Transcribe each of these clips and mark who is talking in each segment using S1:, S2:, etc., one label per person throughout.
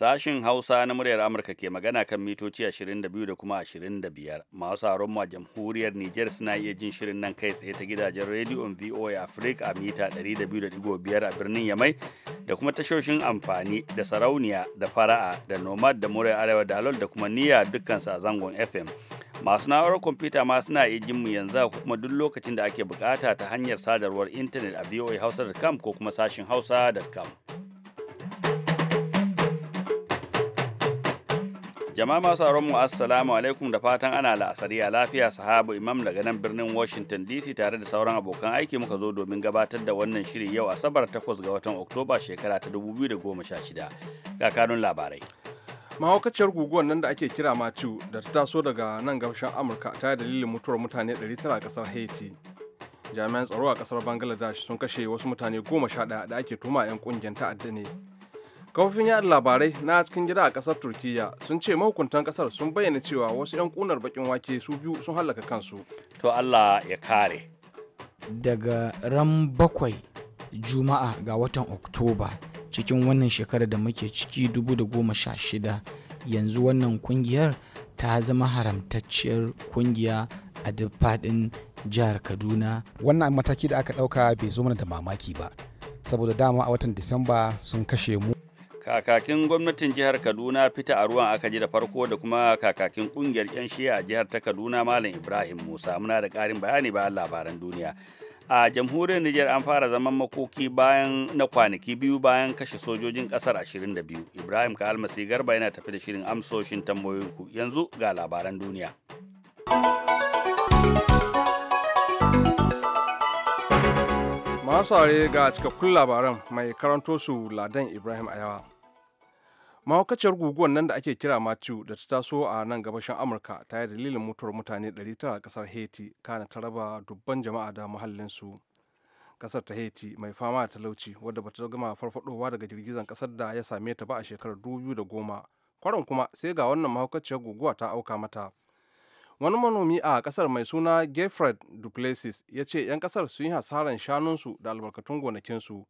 S1: Sashin Hausa na muryar Amurka ke magana kan mitoci 22 da kuma 25. Masu sauraron ma jamhuriyar Nijar suna iya jin shirin nan kai tsaye ta gidajen rediyon VOA Africa a mita 200.5 a birnin Yamai da kuma tashoshin amfani da sarauniya da fara'a da nomad da muryar arewa da alol da kuma niya dukkansa a zangon FM. Masu na'urar kwamfuta ma suna iya jin mu yanzu kuma duk lokacin da ake bukata ta hanyar sadarwar intanet a voahausa.com ko kuma sashin hausa.com. Jama'a masu mu assalamu alaikum da fatan ana ya lafiya sahabu imam daga nan birnin Washington DC tare da sauran abokan aiki muka zo domin gabatar da wannan shiri yau Asabar 8 ga watan Oktoba shekara ta 2016. Ga kanun labarai. mahaukaciyar guguwar nan da
S2: ake kira Matthew da ta taso daga nan gabashin Amurka ta dalilin mutuwar mutane 900 a kasar Haiti. Jami'an tsaro a kasar Bangladesh sun kashe wasu mutane goma 11 da ake tuma 'yan kungiyar ta'adda ne kafofin yada labarai na cikin gida a kasar turkiya sun ce mahukuntan kasar sun bayyana cewa wasu 'yan kunar bakin wake su biyu sun hallaka kansu to
S1: allah ya
S2: kare
S3: daga ran bakwai juma'a ga watan oktoba cikin wannan shekarar da muke ciki 2016 yanzu wannan kungiyar ta zama haramtacciyar kungiya a duk faɗin jihar kaduna wannan mataki da aka ɗauka bai zo mana da mamaki ba saboda dama a watan
S4: disamba sun kashe mu
S1: kakakin gwamnatin jihar kaduna fita a ruwan aka ji da farko da kuma kakakin kungiyar 'yan shiya a jihar ta kaduna malam ibrahim musa muna da karin bayani bayan labaran duniya a jamhuriyar nijar an fara zaman makoki bayan na kwanaki biyu bayan kashe sojojin kasar 22 ibrahim ka almasi garba yana tafi da shirin amsoshin tambayoyinku yanzu ga labaran duniya
S2: masu are ga cikakkun labaran mai karanto su ladan ibrahim ayawa mahaukaciyar guguwar nan da ake kira matthew da ta taso a nan gabashin amurka ta yi dalilin mutuwar mutane 900 a kasar haiti kana ta raba dubban jama'a da muhallinsu kasar ta haiti mai fama da talauci wadda bata gama farfadowa daga girgizan kasar da ya same ta ba a shekarar 2010 kwarin kuma sai ga wannan mahaukaciyar guguwa ta auka mata wani manomi a kasar mai suna Gefred Duplessis ya ce 'yan kasar sun yi hasaran shanunsu da albarkatun gonakinsu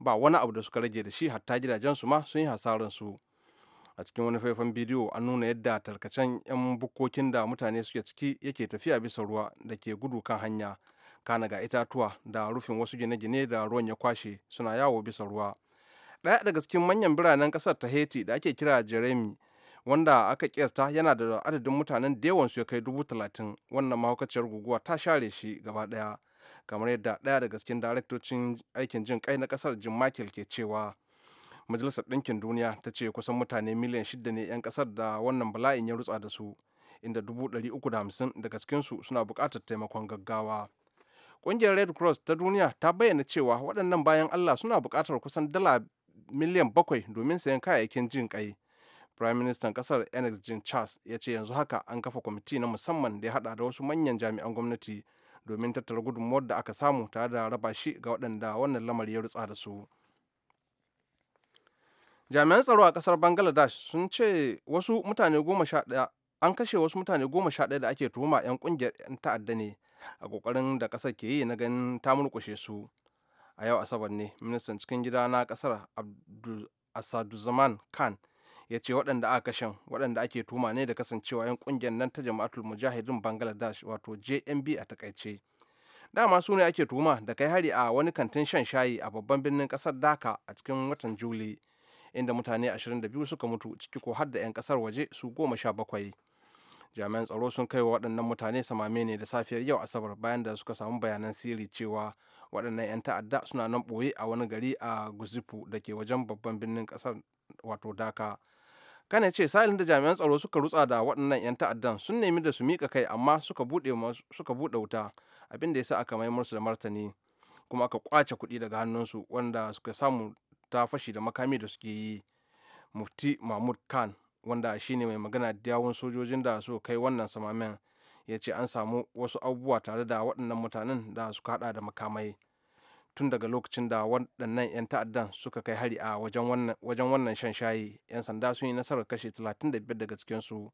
S2: ba wani abu da suka rage da shi hatta gidajensu ma sun yi hasaran su a cikin wani faifan bidiyo an nuna yadda tarkacen 'yan bukkokin da mutane suke ciki yake tafiya bisa ruwa da ke gudu kan hanya kana ga itatuwa da rufin wasu gine-gine da ruwan ya kwashe suna yawo bisa ruwa ɗaya daga cikin manyan biranen ƙasar ta haiti da ake kira jeremy wanda aka kiyasta yana da adadin mutanen da su ya kai dubu talatin wannan mahaukaciyar guguwa ta share shi gaba daya kamar yadda daya daga cikin daraktocin aikin jin kai na kasar jim michael ke cewa majalisar ɗinkin duniya ta ce kusan mutane miliyan shida ne 'yan kasar da wannan bala'in ya rutsa da su inda dubu ɗari uku da hamsin daga cikinsu suna buƙatar taimakon gaggawa ƙungiyar red cross ta duniya ta bayyana cewa waɗannan bayan allah suna buƙatar kusan dala miliyan bakwai domin sayan kayayyakin jin kai prime minister kasar enix jean charles ya ce yanzu haka an kafa kwamiti na musamman da ya hada da wasu manyan jami'an gwamnati domin tattara gudunmuwar da aka samu tare da raba shi ga waɗanda wannan lamari ya rutsa da su jami'an tsaro a kasar bangladesh sun ce wasu mutane goma sha ɗaya an kashe wasu mutane goma sha ɗaya da ake tuhuma 'yan ƙungiyar 'yan ta'adda ne a ƙoƙarin da ƙasar ke yi na ganin ta murkushe su a yau asabar ne ministan cikin gida na ƙasar abdul Zaman khan ya ce waɗanda aka kashen waɗanda ake tuma ne da kasancewa 'yan ƙungiyar nan ta jama'atul mujahidin bangladesh wato jmb a takaice dama su ne ake tuma da kai hari a wani kantin shan shayi a babban birnin ƙasar daka a cikin watan juli inda mutane 22 suka mutu ciki ko har da 'yan ƙasar waje su goma sha bakwai jami'an tsaro sun kai wa waɗannan mutane samame ne da safiyar yau asabar bayan da suka samu bayanan sirri cewa waɗannan 'yan ta'adda suna nan ɓoye a wani gari a guzifu da ke wajen babban birnin ƙasar wato daka kana ce sa'ilin da jami'an tsaro suka rutsa da waɗannan 'yan ta'addan sun nemi da su miƙa kai amma suka buɗe wuta abin da ya sa aka mai musu da martani kuma aka kwace kuɗi daga hannunsu wanda suka samu ta fashi da makami da suke yi mufti mahmud khan wanda shine mai magana da yawun sojojin da su kai wannan samamen ya ce an samu wasu abubuwa tare da waɗannan mutanen da suka haɗa da makamai tun daga lokacin da waɗannan 'yan ta'addan suka kai hari a wajen wannan shan shayi 'yan sanda sun yi nasarar kashe 35 daga cikinsu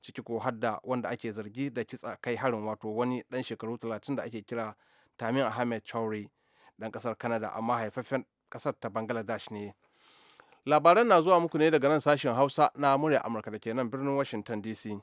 S2: ciki ko hadda wanda ake zargi da kitsa kai harin wato wani ɗan shekaru 30 da ake kira tamin ahmed chauri ɗan ƙasar canada amma haifafen ƙasar ta bangladesh ne labaran na zuwa muku ne daga nan sashen hausa na murya amurka da ke nan birnin washington dc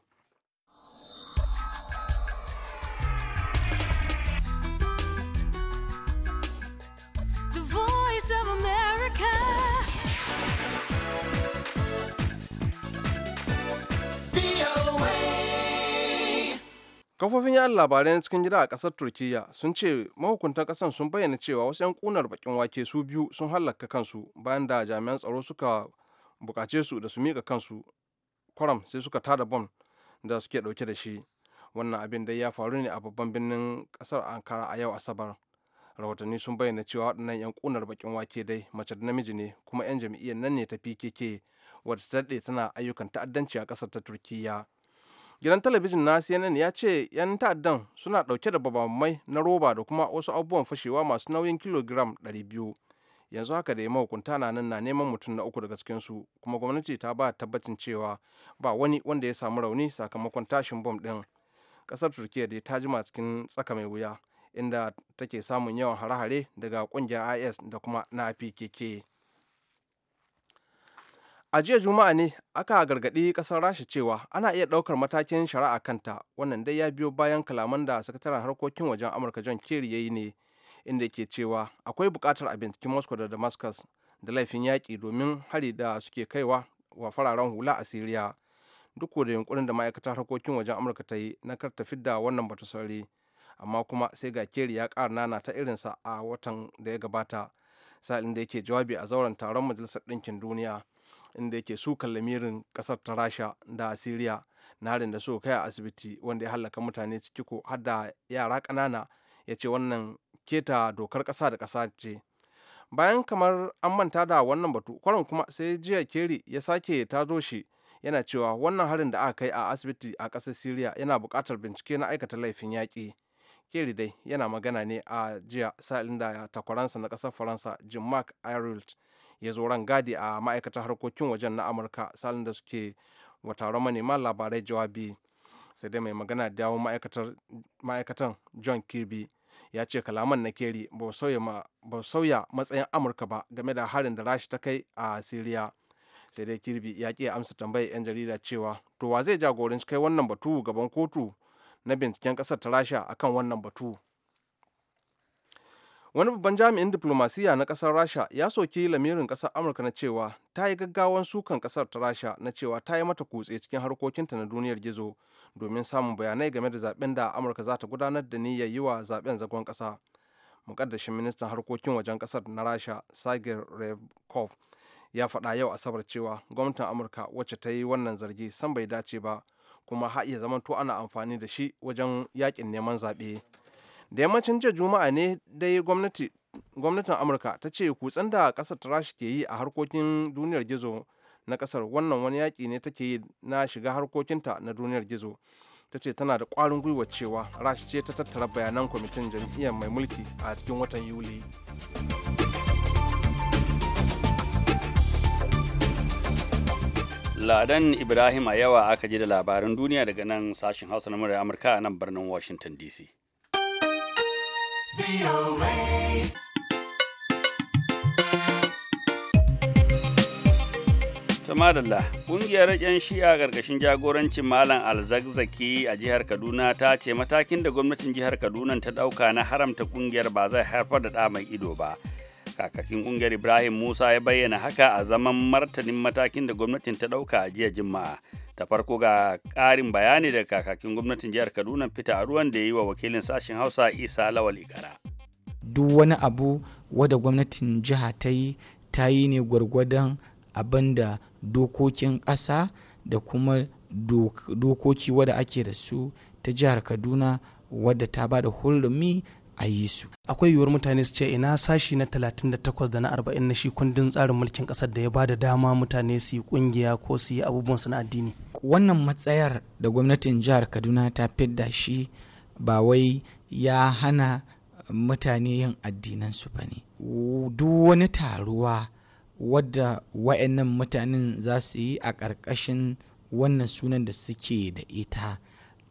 S2: kafofin yaɗa labarai na cikin gida a kasar turkiyya sun ce mahukuntan ƙasar sun bayyana cewa wasu 'yan kunar bakin wake su biyu sun hallaka kansu bayan da jami'an tsaro suka bukace su da su mika kansu kwaram sai suka tada bom da suke dauke da shi wannan abin dai ya faru ne a babban birnin kasar ankara a yau asabar rahotanni sun bayyana cewa waɗannan 'yan kunar bakin wake dai mace da namiji ne kuma 'yan jam'iyyar nan ne ta pkk wadda ta daɗe tana ayyukan ta'addanci a kasar ta turkiyya gidan talabijin na cnn ya ce 'yan ta'addan suna dauke da babamai na roba da kuma wasu abubuwan fashewa masu nauyin kilogiram 200 yanzu haka da hukunta na nan na neman mutum na uku daga cikinsu kuma gwamnati ta ba tabbacin cewa ba wani wanda ya samu rauni sakamakon tashin bom ɗin kasar turkiya da ta jima cikin tsaka mai wuya inda take samun yawan hare-hare daga ƙungiyar is da kuma na pkk a jiya juma'a ne aka gargaɗi ƙasar rasha cewa ana iya ɗaukar matakin shari'a kanta wannan dai ya biyo bayan kalaman da sakataren harkokin wajen amurka john kerry ya yi ne inda ke cewa akwai buƙatar a binciken moscow da damascus da laifin yaƙi domin hari da suke kaiwa wa fararen hula a syria duk da yunkurin da ma'aikatar harkokin wajen amurka ta yi na kar ta da wannan batu sauri amma kuma sai ga keri ya ƙara nana ta irinsa a watan da ya gabata sa'ilin da yake jawabi a zauren taron majalisar ɗinkin duniya inda yake su lamirin kasar ta rasha da asiriya na harin da suka kai a asibiti wanda ya hallaka mutane ciki ko har yara kanana ya ce wannan keta dokar ƙasa da kasa ce bayan kamar an manta da wannan batu kwarin kuma sai jiya keri ya sake tazo shi yana cewa wannan harin da aka kai a asibiti a kasar siriya yana buƙatar bincike na aikata laifin yaƙi keri dai yana magana ne a jiya sa'ilin da takwaransa na kasar faransa jim mark ireland ya zo rangadi a ma'aikatar harkokin wajen na amurka salin da suke wa taron manema labarai jawabi sai dai mai magana da yawon ma'aikatan john kirby ya ce kalaman na keri ba sauya matsayin amurka ba game da harin da rashi ta kai a siriya sai dai kirby ya ƙi amsa tambayar 'yan jarida cewa to wa zai jagoranci kai wannan batu gaban kotu na binciken ƙasar ta rasha akan wannan batu wani babban jami'in diplomasiya na kasar rasha ya soki lamirin kasar amurka na cewa ta yi gaggawan sukan kasar ta rasha na cewa ta yi mata kutse cikin harkokinta na duniyar gizo domin samun bayanai game da zaben da amurka za ta gudanar da niyyar yi wa zaben zagon kasa mukaddashin ministan harkokin wajen kasar na rasha sagir revkov ya faɗa yau asabar cewa gwamnatin amurka wacce ta yi wannan zargi san bai dace ba kuma har iya zamanto ana amfani da shi wajen yakin neman zaɓe. da yammacin jiya juma'a ne dai gwamnati gwamnatin amurka ta ce kutsen da kasar rashi ke yi a harkokin duniyar gizo na kasar wannan wani yaƙi ne take yi na shiga harkokinta na duniyar gizo ta ce tana da ƙwarin gwiwa cewa rashi ce ta tattara bayanan kwamitin jam'iyyar mai mulki a cikin watan yuli
S1: ladan ibrahim a yawa aka ji da labarin duniya daga nan sashen hausa na murar amurka a nan birnin washington dc Tamadalla, ƙungiyar yan shi'a ƙarƙashin jagorancin Malam Alzagzaki a jihar Kaduna ta ce matakin da gwamnatin jihar Kaduna ta ɗauka na haramta ƙungiyar ba zai haifar da ɗa mai ido ba. Kakakin ƙungiyar Ibrahim Musa ya bayyana haka a zaman martanin matakin da gwamnatin ta ɗauka a jiya Juma'a. ta farko ga ƙarin bayani daga kakakin gwamnatin jihar kaduna fita a ruwan da ya yi wa wakilin sashen hausa isa lawal ikara
S3: duk wani abu wadda gwamnatin jiha ta yi ta yi ne gwargwadon abin da dokokin ƙasa da kuma dokoki wadda ake da su ta jihar kaduna wadda ta ba da hulumi a yi su. Akwai yiwuwar mutane su ce ina sashi na 38 da na 40 na shi kundin tsarin mulkin kasar da ya ba da dama mutane su yi kungiya ko su yi abubuwan su na addini. wannan matsayar da gwamnatin jihar kaduna ta fidda shi ba wai ya hana mutane yin addinansu ba ne duk wani taruwa wadda wa'annan mutanen za su yi a ƙarƙashin wannan sunan da suke da ita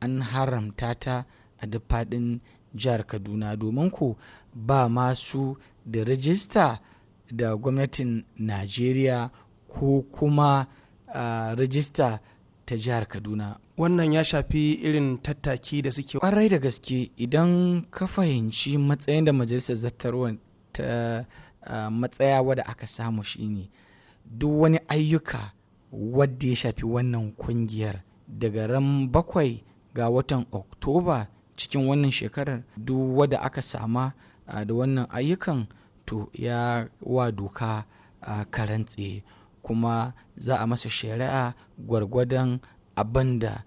S3: an haramta ta a duk faɗin jihar kaduna domin ku ba masu da rajista da gwamnatin najeriya ko kuma uh, ta jihar kaduna
S4: wannan ya shafi irin tattaki da suke ƙwarai
S3: da gaske idan ka fahimci matsayin da majalisar zattarwa ta matsaya wadda aka samu shine duk wani ayyuka wadda ya shafi wannan kungiyar daga ran bakwai ga watan oktoba cikin wannan shekarar duk wadda aka sama da wannan ayyukan to ya wa doka karantse kuma za a masa shari'a gwargwadon abin da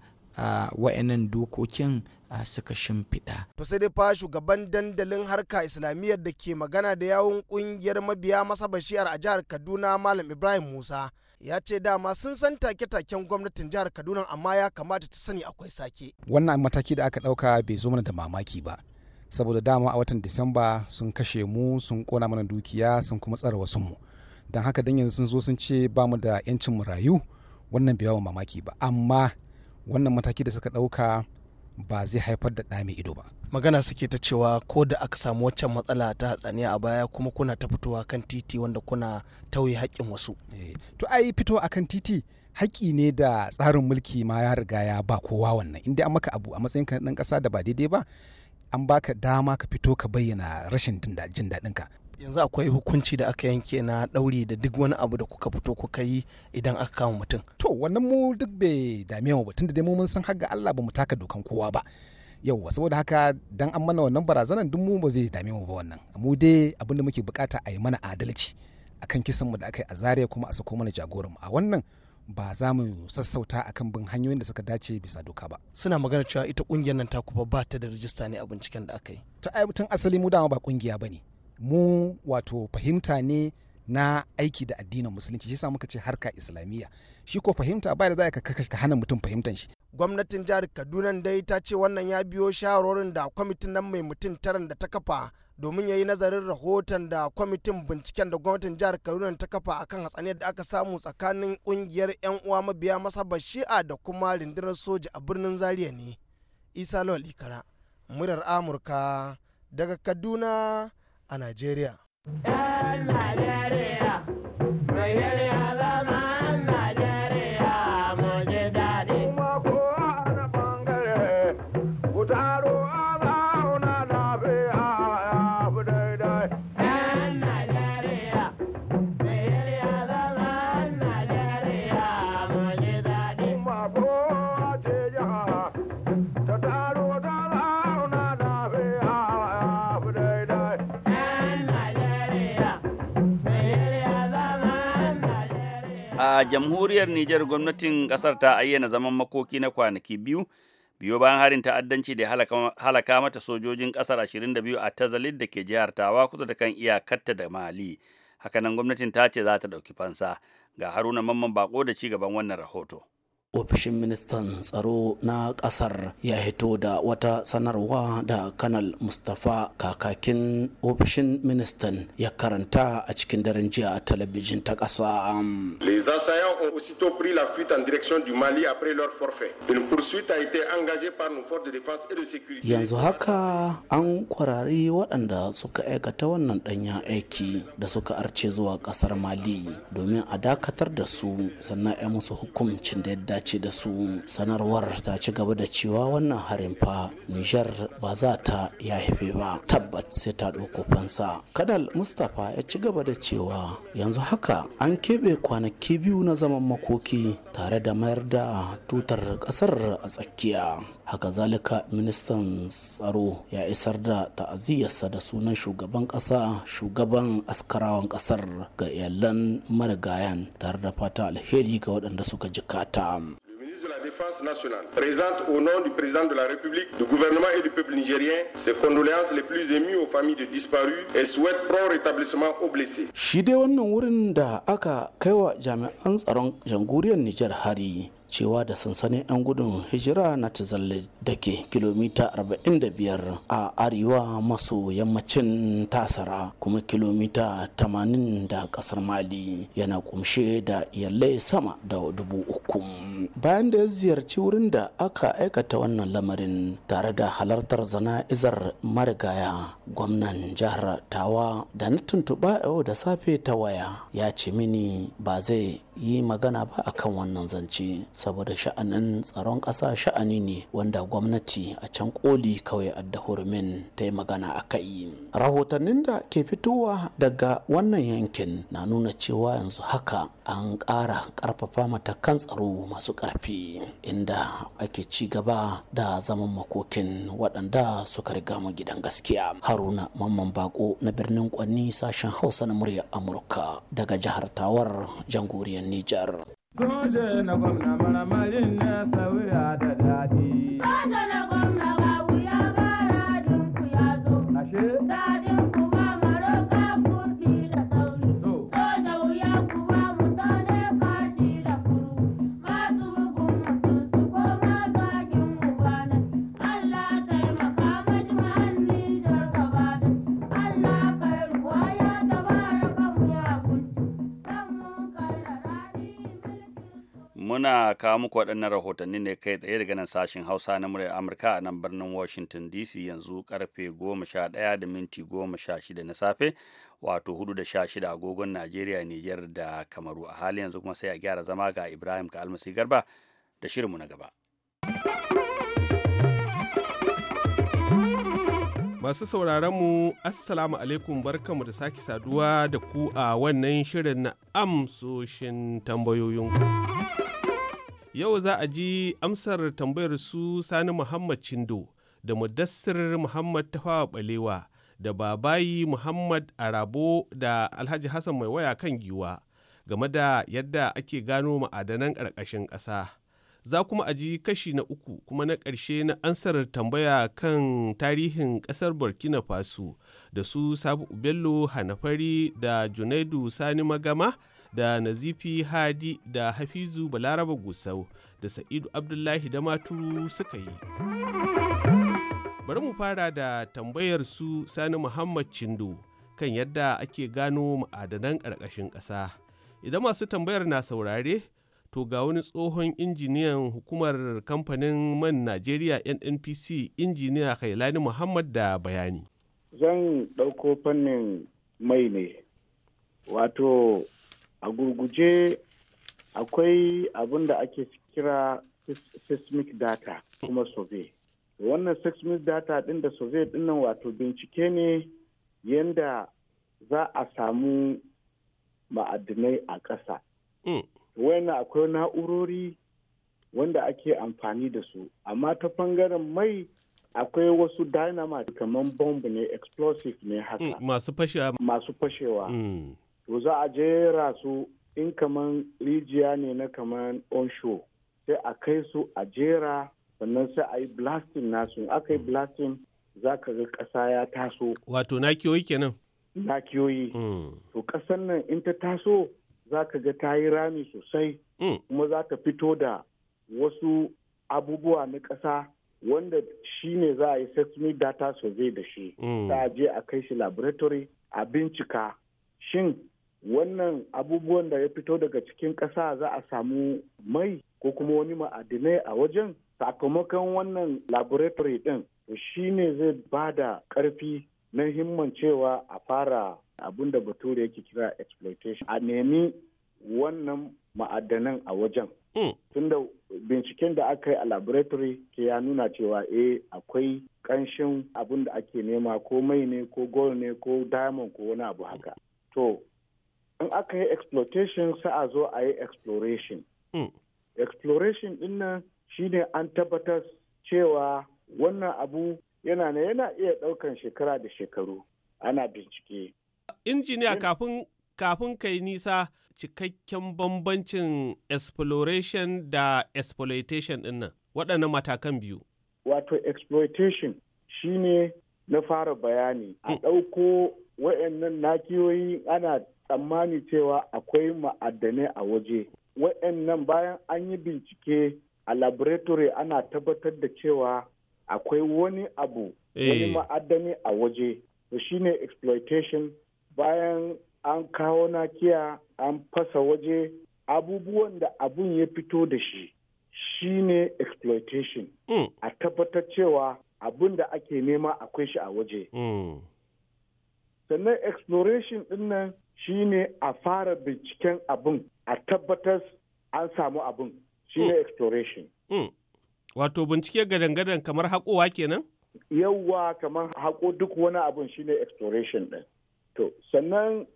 S3: wa'annan dokokin suka shimfiɗa.
S4: To sai dai fa shugaban dandalin harka islamiyyar da ke magana da yawun kungiyar mabiya masa bashiyar a jihar Kaduna Malam Ibrahim Musa ya ce dama sun san take-taken gwamnatin jihar Kaduna amma ya kamata ta sani akwai sake. Wannan mataki da aka ɗauka bai zo mana da mamaki ba. Saboda dama a watan Disamba sun kashe mu sun kona mana dukiya sun kuma tsara wasu mu. don haka don yanzu sun zo sun ce ba mu da 'yancin mu rayu wannan bai yawan mamaki ba amma wannan mataki da suka ɗauka ba zai haifar da ɗa ido ba magana suke ta cewa ko da aka samu waccan matsala ta hatsaniya a baya kuma kuna ta fitowa kan titi wanda kuna tauye haƙƙin wasu eh, to ai fito a kan titi haƙƙi ne da tsarin mulki ma ya riga ya ba kowa wannan inda an maka abu a matsayin ka ɗan ƙasa da ba daidai ba an baka dama ka fito ka bayyana rashin jin daɗin ka yanzu akwai hukunci da aka yanke na ɗauri da duk wani abu da kuka fito kuka yi idan aka kama mutum to wannan mu duk bai dame mu ba tunda dai mu mun san haga Allah ba mu taka dokan kowa ba yauwa saboda haka dan an mana wannan barazanan duk mu ba zai dame mu ba wannan mu dai abin da muke bukata a yi mana adalci akan kisan mu da aka yi a zaria kuma a sako mana jagoran mu a wannan ba za mu sassauta akan bin hanyoyin da suka dace bisa doka ba suna magana cewa ita kungiyar nan ta kufa ba ta da rijista ne a binciken da aka yi ta ai asali mu dama ba kungiya ba ne. mu wato fahimta ne na aiki da addinin musulunci shi sa muka ce harka islamiyya shi ko fahimta ba da za ka hana mutum fahimtan shi gwamnatin jihar kaduna dai ta ce wannan ya biyo shawarorin da kwamitin nan mai mutum taran da ta kafa domin ya yi nazarin rahoton da kwamitin binciken da gwamnatin jihar kaduna ta kafa akan hatsaniyar da aka samu tsakanin kungiyar yan uwa mabiya masaba shi'a da kuma rundunar soja a birnin zaria ne isa lawal ikara murar amurka daga kaduna a Nigeria.
S1: a jamhuriyar Nijar gwamnatin ƙasar ta ayyana zaman makoki na kwanaki biyu biyo bayan harin ta'addanci da halaka mata sojojin kasar 22 a Tazalid da ke jihar Tawa kusa da kan iyakarta da Mali. Hakanan gwamnatin ta ce za ta ɗauki fansa. Ga Haruna Mamman Bako da ci gaban wannan rahoto.
S5: ofishin ministan tsaro na ƙasar ya hito da wata sanarwa da kanal mustapha kakakin ofishin ministan ya karanta a cikin daren jiya a talabijin ta ƙasa
S6: les assaillants ont aussitôt pris la fuite en direction du mali après leur forfait une poursuite a été engagée par nos forces de défense et de sécurité yanzu
S5: haka an kwarari waɗanda suka aikata wannan ɗanya aiki da suka arce zuwa ƙasar mali domin a dakatar da su sannan ya musu hukuncin da ce da su sanarwar ta ci gaba da cewa wannan harin fa nijar ba za ta ya haife ba tabbat sai ta ɗauko fansa kadal mustapha ya ci gaba da cewa yanzu haka an keɓe kwanaki biyu na zaman makoki tare da mayar da tutar ƙasar a tsakiya haka zalika ministan tsaro ya isar da ta'aziyarsa da sunan shugaban ƙasa shugaban askarawan ƙasar ga iyalan marigayan tare da fata alheri ga waɗanda suka jikata
S6: défense nationale présente au nom du président de la République, du gouvernement et du peuple nigérien ses condoléances les plus émues aux familles de disparus et souhaite prompt rétablissement aux blessés.
S5: Shi dai wannan wurin da aka kaiwa jami'an tsaron jamhuriyar Nijar hari cewa da sansanin 'yan gudun hijira na tazalle da ke kilomita 45 a arewa maso yammacin tasara kuma kilomita 80 da kasar mali yana kumshe da iyalai sama da dubu uku bayan da ya ziyarci wurin da aka aikata wannan lamarin tare da halartar zana'izar marigaya gwamnan jihar tawa da na tuntuɓa yau da safe ta waya ya ce mini ba zai yi magana ba akan wannan zance saboda sha'anin tsaron ƙasa sha'ani ne wanda gwamnati a can koli kawai adda hurumin ta yi magana a kai rahotannin da ke fitowa daga wannan yankin na nuna cewa yanzu haka an ƙara ƙarfafa matakan tsaro masu ƙarfi inda ake ci gaba da zaman makokin waɗanda suka riga mu gidan gaskiya haruna mamman bako na birnin kwanni sashen hausa na murya amurka daga jihar tawar jamhuriyar nijar Soje na gwamna maramarin na sauya da daɗi. Soje na gwamna
S1: muna kawo muku waɗannan rahotanni ne kai tsaye daga nan sashen hausa na muryar amurka a nan birnin washington dc yanzu karfe 11 da minti 16 na safe wato 4 da agogon najeriya niger da kamaru a hali yanzu kuma sai a gyara zama ga ibrahim ka almasi garba da shirinmu na gaba Masu sauraron
S7: mu Assalamu alaikum mu da sake saduwa da ku a wannan shirin na amsoshin tambayoyinku. Yau za a ji amsar tambayar su Sani Muhammad Cindo da Mudassir Muhammad Tafawa Balewa da Babayi Muhammad Arabo da Alhaji Hassan Mai Waya kan giwa game da yadda ake gano ma'adanan ƙarƙashin ƙasa. Za kuma a ji kashi na uku kuma na ƙarshe na ansar tambaya kan tarihin ƙasar Burkina Faso da su Sabu Bello Hanafari da Junaidu Sani Magama da nazifi hadi da hafizu balaraba gusau da sa'idu abdullahi da maturu suka yi bari mu fara da tambayar su sani muhammad cindo kan yadda ake gano ma'adanan ƙarƙashin ƙasa idan masu tambayar na saurare to ga wani tsohon injiniyan hukumar kamfanin man najeriya nnpc injiniya kailani muhammad da bayani
S8: zan ɗauko fannin mai ne wato a gurguje akwai abin da ake kira seismic data kuma survey wannan seismic data din da survey din nan wato bincike ne yadda za a samu ma'adinai a ƙasa hmm. wani akwai na'urori wanda ake amfani da su amma ta bangaren mai akwai wasu dynamite kamar bomb ne explosive ne haka
S7: hmm, masu fashewa masu fashewa hmm.
S8: to za a jera su in kaman rijiya ne na kaman onshore sai a kai su a jera sannan sai a yi blasting nasu aka yi blasting za ka ga ƙasa ya taso
S7: wato nakiyoyi kenan nakiyoyi hmm.
S8: to ƙasan nan in ta taso za ka ga ta yi rami sosai hmm. kuma za ta fito da wasu abubuwa na ƙasa wanda shi ne za a yi seismic data survey da shi hmm. za a je a kai shi laboratory a bincika shin wannan abubuwan da ya fito daga cikin ƙasa za a samu mai ko kuma wani ma'adinai a wajen sakamakon wannan laboratory ɗin shi ne zai ba da ƙarfi na himman cewa a fara abin da bature yake kira exploitation a nemi wannan ma'adanan a wajen hmm. tunda binciken da aka yi a laboratory ke ya nuna cewa eh akwai ƙanshin abin da ake nema ko mai ne ko gold ne ko diamond ko wani abu haka to in aka yi exploitation sai a zo a yi exploration hmm. exploration din nan ne an tabbatar cewa wannan abu yana ne yana iya ɗaukan shekara da shekaru ana bincike
S7: injiniya kafin kafin kai nisa cikakken bambancin exploration da exploitation din nan waɗannan matakan biyu
S8: wato exploitation shi ne na fara bayani a hmm. ɗauko wa'annan nakiyoyi ana tsammani cewa akwai ma'adanai a waje wa'annan bayan an yi bincike a laboratory ana tabbatar da cewa akwai wani abu eh. wani ma'adani a waje to shine exploitation bayan an kawo nakiya an fasa waje abubuwan da abun ya fito da shi shine exploitation hmm. a tabbatar cewa abun da ake nema akwai shi a waje hmm. sannan exploration din nan shine a fara binciken abin a tabbatar an samu abin shine hmm. exploration
S7: hmm. wato bincike gadan-gadan kamar haƙowa kenan
S8: yawwa kamar haƙo duk wani abin shine exploration din to sannan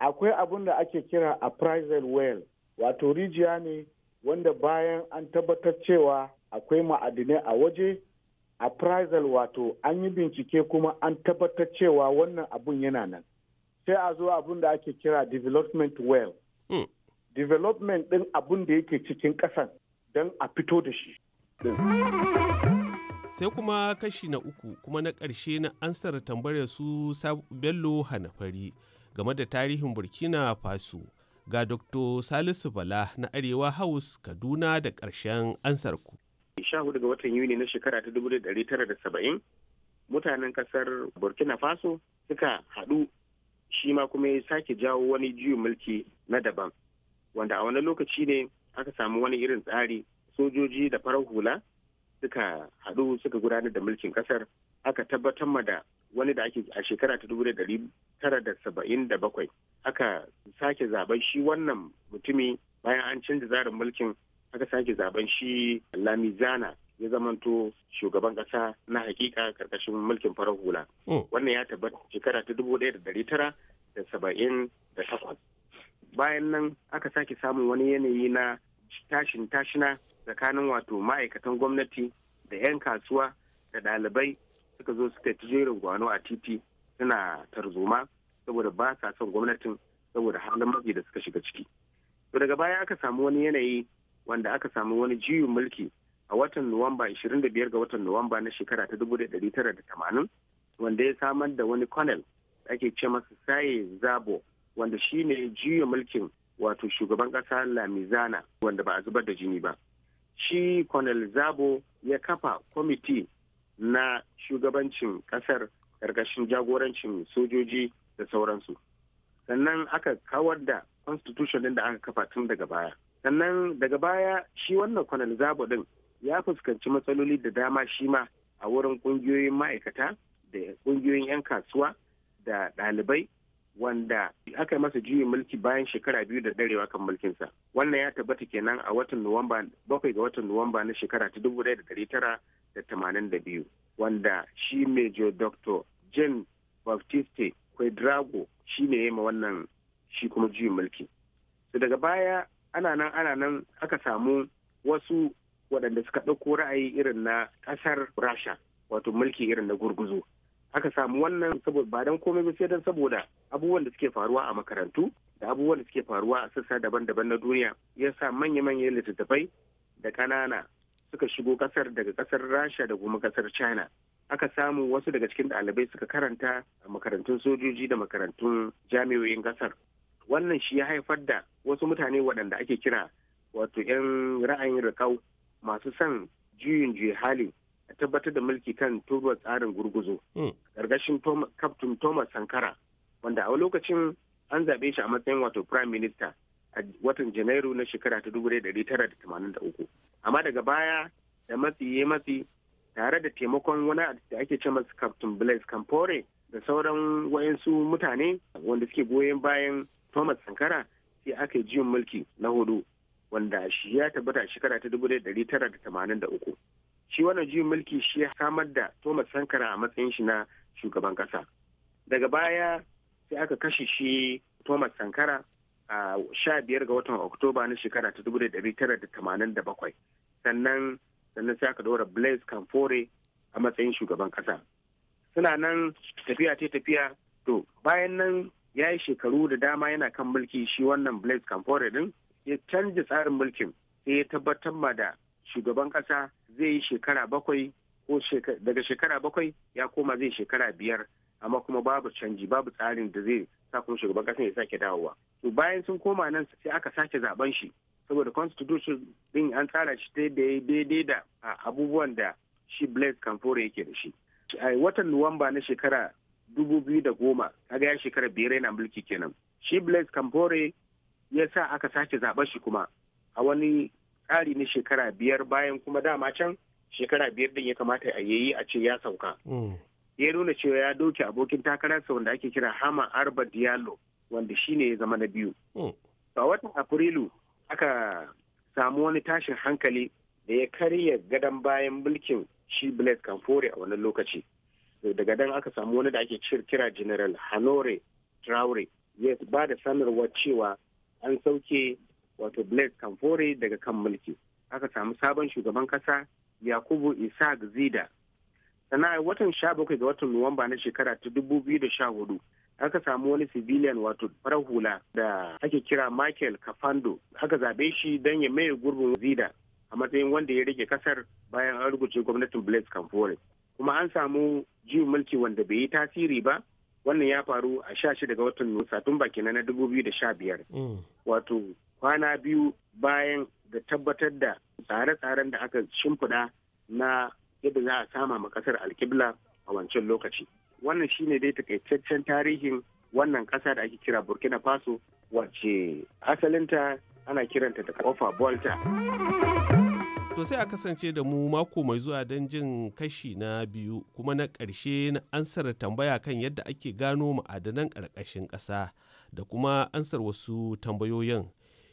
S8: akwai abin da ake kira appraisal well wato rijiya ne wanda bayan an tabbatar cewa akwai ma'adinai a waje a appraisal wato an yi bincike kuma an tabbatar cewa wannan abun yana nan sai a zo abun da ake kira development well hmm. development din abun da yake cikin ƙasan don a fito da shi
S7: sai kuma kashi na uku kuma na ƙarshe na ansar tambayar su bello hanafari game da tarihin burkina faso ga dr salisu bala na arewa house kaduna da ƙarshen ansar ku
S6: 14 ga watan yuni na shekara ta dubu mutanen kasar burkina faso suka hadu shi ma kuma ya sake jawo wani juyin mulki na daban wanda a wani lokaci ne aka samu wani irin tsari sojoji da farar hula suka hadu suka gudanar da mulkin kasar aka tabbatar ma da wani da ake a shekara ta dubu da bakwai aka sake zaben shi wannan mutumi bayan an canza zarin mulkin aka sake zaben shi lamizana ya zamanto shugaban kasa na hakika karkashin mulkin farar hula hmm. wannan ya tabbata shekara ta dubu ɗaya da dari tara da saba'in da takwas bayan nan aka sake samun wani yanayi na tashin tashina tsakanin wato ma'aikatan gwamnati da 'yan kasuwa da ɗalibai suka zo suka ci jerin gwano a titi suna tarzoma saboda ba sa son gwamnatin saboda halin mafi da suka shiga ciki to daga baya aka samu wani yanayi wanda aka samu wani jiyu mulki a watan nuwamba 25 ga watan nuwamba na shekara ta 1980 wanda ya samar da wani colonel ake ce masa saye zabo wanda shi ne juya mulkin wato shugaban kasa lamizana wanda ba a zubar da jini ba shi colonel zabo ya kafa kwamiti na shugabancin kasar karkashin jagorancin sojoji da sauransu sannan aka kawar da constitution din da aka kafa tun daga baya sannan daga baya shi wannan kwanan zabo din ya fuskanci matsaloli da dama shi ma a wurin kungiyoyin ma'aikata da kungiyoyin 'yan kasuwa da ɗalibai wanda aka yi masa juyin mulki bayan shekara biyu da darewa kan mulkinsa wannan ya tabbata kenan a watan nuwamba bakwai ga watan nuwamba na shekara ta dubu ɗaya da ɗari tara da tamanin da biyu wanda shi major dr jane baptiste quadrago shi ne ya yi wannan shi kuma juyin mulki su daga baya ana nan ana nan aka samu wasu waɗanda suka ɗauko ra'ayi irin na ƙasar rasha wato mulki irin na gurguzu aka samu wannan saboda ba don komai ba sai don saboda abubuwan da suke faruwa a makarantu da abubuwan da suke faruwa a sassa daban-daban na duniya ya sa manya-manyan littattafai da ƙanana suka shigo ƙasar daga ƙasar rasha da kuma ƙasar china aka samu wasu daga cikin ɗalibai suka karanta a makarantun sojoji da makarantun jami'o'in ƙasar wannan shi ya haifar da wasu mutane waɗanda ake kira wato 'yan ra'ayin rikau masu son juyin juya hali a tabbatar da mulki kan turbar tsarin gurguzo hmm. ƙarƙashin kaftin thomas sankara wanda a lokacin an zaɓe shi a matsayin wato prime minister a watan janairu na shekara ta 1983 amma daga baya da matsi ya matsi tare da taimakon wani da ake ce masu captain blaise campore da sauran wayansu mutane wanda suke goyon bayan thomas sankara sai aka yi juyin mulki na hudu wanda shi ya tabbata a shekara ta dubu ɗari tara da tamanin da uku shi wannan juyin mulki shi ya samar da thomas sankara a matsayin shi na shugaban kasa daga baya sai aka kashe shi thomas sankara a sha biyar ga watan oktoba na shekara ta dubu ɗari tara da tamanin da bakwai sannan sannan sai aka ɗora blaise kamfore a matsayin shugaban kasa suna nan tafiya ta tafiya to bayan nan ya yi shekaru da dama yana kan mulki shi wannan blaise kamfore din ya canza tsarin mulkin sai ya tabbatar ma da shugaban kasa zai yi shekara bakwai ko daga shekara bakwai ya koma zai shekara biyar amma kuma babu canji babu tsarin da zai sa kuma shugaban kasa ya sake dawowa to bayan sun koma nan sai aka sake zaben shi saboda constitution din an tsara shi ta ya daidai da abubuwan da shi blaise kamfore yake da shi a watan nuwamba na shekara dubu biyu da goma kaga ya shekara biyar yana mulki kenan shi blaise campore ya sa aka sake zaɓe shi kuma a wani tsari na shekara biyar bayan kuma dama can shekara biyar din ya kamata a yayi a ce ya sauka mm. ya nuna cewa ya doke abokin takararsa wanda ake kira hama arba diallo wanda shine ya zama na biyu mm. a watan afrilu aka samu wani tashin hankali da ya karya gadon bayan mulkin shi blaise campore a wannan lokaci daga dan aka samu wani da ake kira general hanore traore ya ba da sanarwar cewa an sauke wato blake kamfore daga kan mulki aka samu sabon shugaban kasa yakubu isaac zida sana'ar watan sha bakwai ga watan nuwamba na shekara ta dubu biyu da sha hudu aka samu wani civilian wato farar hula da ake kira michael kafando aka zaɓe shi don ya maye gurbin zida a matsayin wanda ya rage kasar bayan an rubuce gwamnatin blake kamfore kuma an samu juyin mulki wanda bai yi tasiri ba wannan ya faru a sha shida ga watan satumba kenan na dubu biyu da sha biyar mm. wato kwana biyu bayan da tabbatar da tsare-tsaren da aka shimfiɗa na yadda za a sama ma kasar alkibla a wancan lokaci wannan shine dai takaitaccen tarihin wannan kasa da ake kira burkina faso wacce asalinta ana kiranta da kofa bolta
S7: To sai a kasance da mu mako mai zuwa don jin kashi na biyu kuma na ƙarshe na ansar tambaya kan yadda ake gano ma'adanan ƙarƙashin ƙasa da kuma ansar wasu tambayoyin.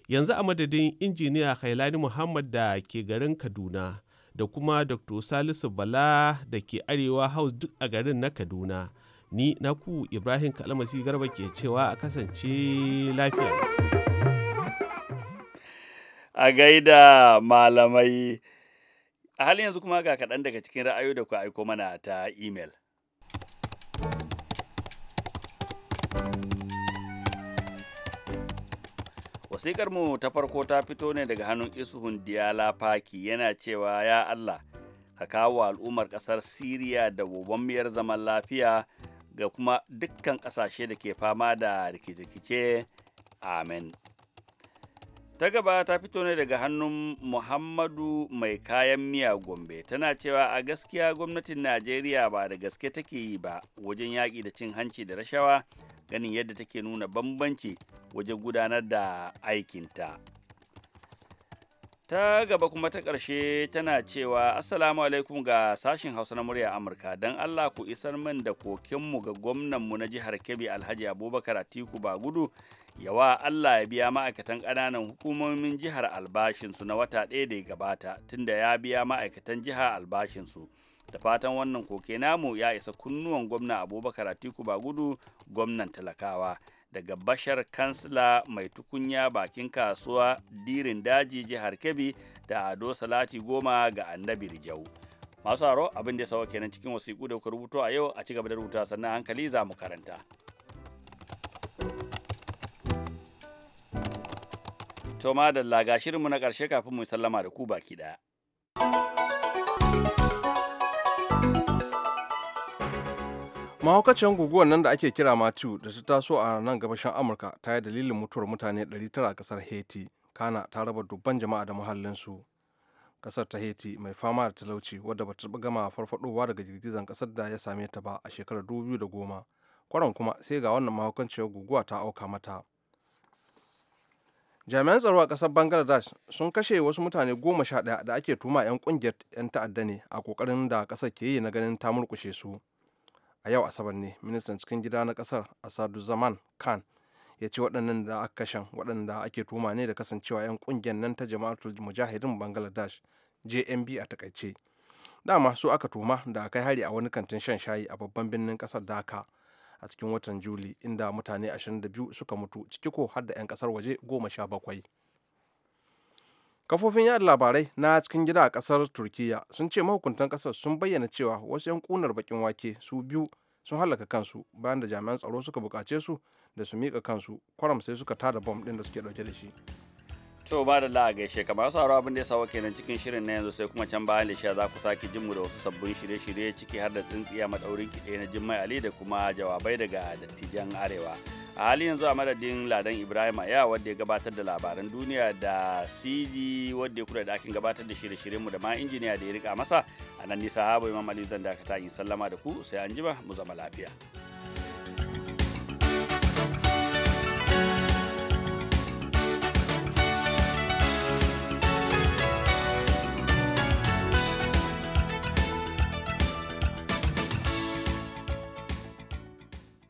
S7: Yanzu a madadin injiniya Hailani Muhammad da ke garin Kaduna da kuma Dr. Salisu Bala da ke Arewa House duk a garin na Kaduna. Ni naku Ibrahim Kalamasi Garba ke cewa a kasance lafiya.
S1: a gaida malamai a halin yanzu kuma ga kaɗan daga cikin ra'ayoyi da ku aiko mana ta imel wasikar mu ta farko ta fito ne daga hannun isuhun diyala faki yana cewa ya allah ka kawo al'ummar ƙasar siriya da miyar zaman lafiya ga kuma dukkan ƙasashe da ke fama da rikice-rikice amen ta gaba ta fito ne daga hannun muhammadu mai kayan miya gombe tana cewa a gaskiya gwamnatin najeriya ba da gaske take yi ba wajen yaƙi da cin hanci da rashawa ganin yadda take nuna bambanci wajen gudanar da aikinta ta gaba kuma ta ƙarshe tana cewa assalamu alaikum ga sashin hausa na murya amurka don allah ku isar min da kokinmu ga gwamnanmu na jihar kebbi alhaji abubakar atiku ba gudu yawa allah ya biya ma'aikatan ƙananan hukumomin jihar albashinsu na wata ɗaya da ya gabata tunda ya biya ma'aikatan jihar albashinsu da fatan wannan koke namu ya isa kunnuwan gwamna abubakar atiku ba gudu gwamnan talakawa daga bashar kansila mai tukunya bakin kasuwa dirin daji jihar kebbi da ado salati goma ga annabi rijau masu haro abin da ya sawa kenan cikin wasiƙu da kuka rubuto a yau a cigaba da rubuta sannan hankali za mu karanta to ma ga shirinmu na ƙarshe kafin mu sallama da ku baki ɗaya
S2: mahaukaciyar guguwar nan da ake kira matthew da ta taso a nan gabashin amurka ta yi dalilin mutuwar mutane 900 a kasar haiti kana ta raba dubban jama'a da muhallinsu kasar ta haiti mai fama da talauci wadda ba ta gama farfadowa daga girgizan kasar da ya same ta ba a shekarar 2010 kwaran kuma sai ga wannan mahaukaciyar guguwa ta auka mata jami'an tsaro a kasar bangladesh sun kashe wasu mutane goma sha ɗaya da ake tuma 'yan kungiyar 'yan ta'adda ne a kokarin da kasar ke yi na ganin ta murkushe su a yau asabar ne ministan cikin gida na kasar asadu zaman khan ya ce waɗannan da aka kashen waɗanda ake tuma ne da kasancewa 'yan ƙungiyar nan ta jama'atul mujahidin bangladesh jmb a takaice dama su aka tuma da kai hari a wani kantin shan shayi a babban birnin kasar daka a cikin watan juli inda mutane 22 suka mutu ciki ko har da 'yan kasar waje goma sha bakwai. kafofin yada labarai na cikin gida a kasar turkiya sun ce mahukuntan kasar sun bayyana cewa wasu 'yan kunar bakin wake su biyu sun halaka kansu bayan da jami'an tsaro suka bukace su da su miƙa kansu kwaram sai suka tada bom ɗin da suke ɗauke da shi
S1: To ba da la'a gaishe kamar sauraro abin da ya sawa kenan cikin shirin na yanzu sai kuma can bayan da sha za ku sake jin mu da wasu sabbin shirye-shirye ciki har da tsintsiya madaurin kiɗe na mai Ali da kuma jawabai daga dattijan Arewa. A halin yanzu a madadin Ladan Ibrahim Aya wadda ya gabatar da labaran duniya da CG wadda ya kula da akin gabatar da shirye-shiryenmu da ma injiniya da ya rika masa a nan nisa habu Imam Ali zan dakata in sallama da ku sai an jima mu zama lafiya.